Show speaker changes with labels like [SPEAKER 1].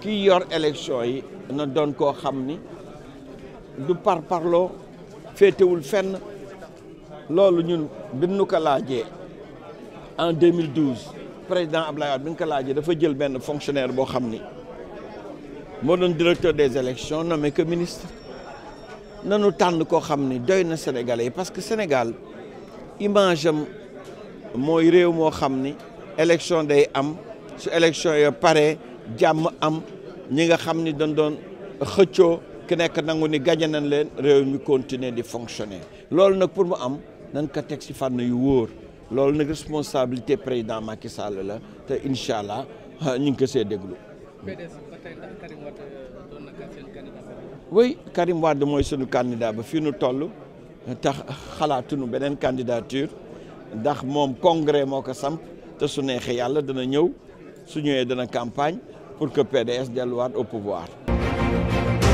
[SPEAKER 1] kii yor élection yi na doon koo xam ni du par parloo féetewul fenn loolu ñun bi nu ko laajee en 2012 président Ablaye Wade bi ñu ko laajee dafa jël benn fonctionnaire boo xam ni moo doon directeur des élections nommé que ministre nanu tànn koo xam ni doy na Sénégalais yi parce que Sénégal image mooy réew moo xam ni élection day am su élection ya pare jàmm am ñi nga xam ni dañ doon xëccoo ki nekk nangu ni gañe nañ leen réew mi continuer di fonctionner loolu nag pour mu am nañ ko teg si fànn yu wóor loolu nag responsabilité président Macky Sall la te incha allah ah, ñu ngi ko see déglu. oui Karim Wade mooy sunu candidat ba fii nu toll tax xalaatunu beneen candidature ndax moom congrès moo ko samp te su neexee yàlla dana ñëw su ñëwee dana campagne. pour que PDS delluwaat au pouvoir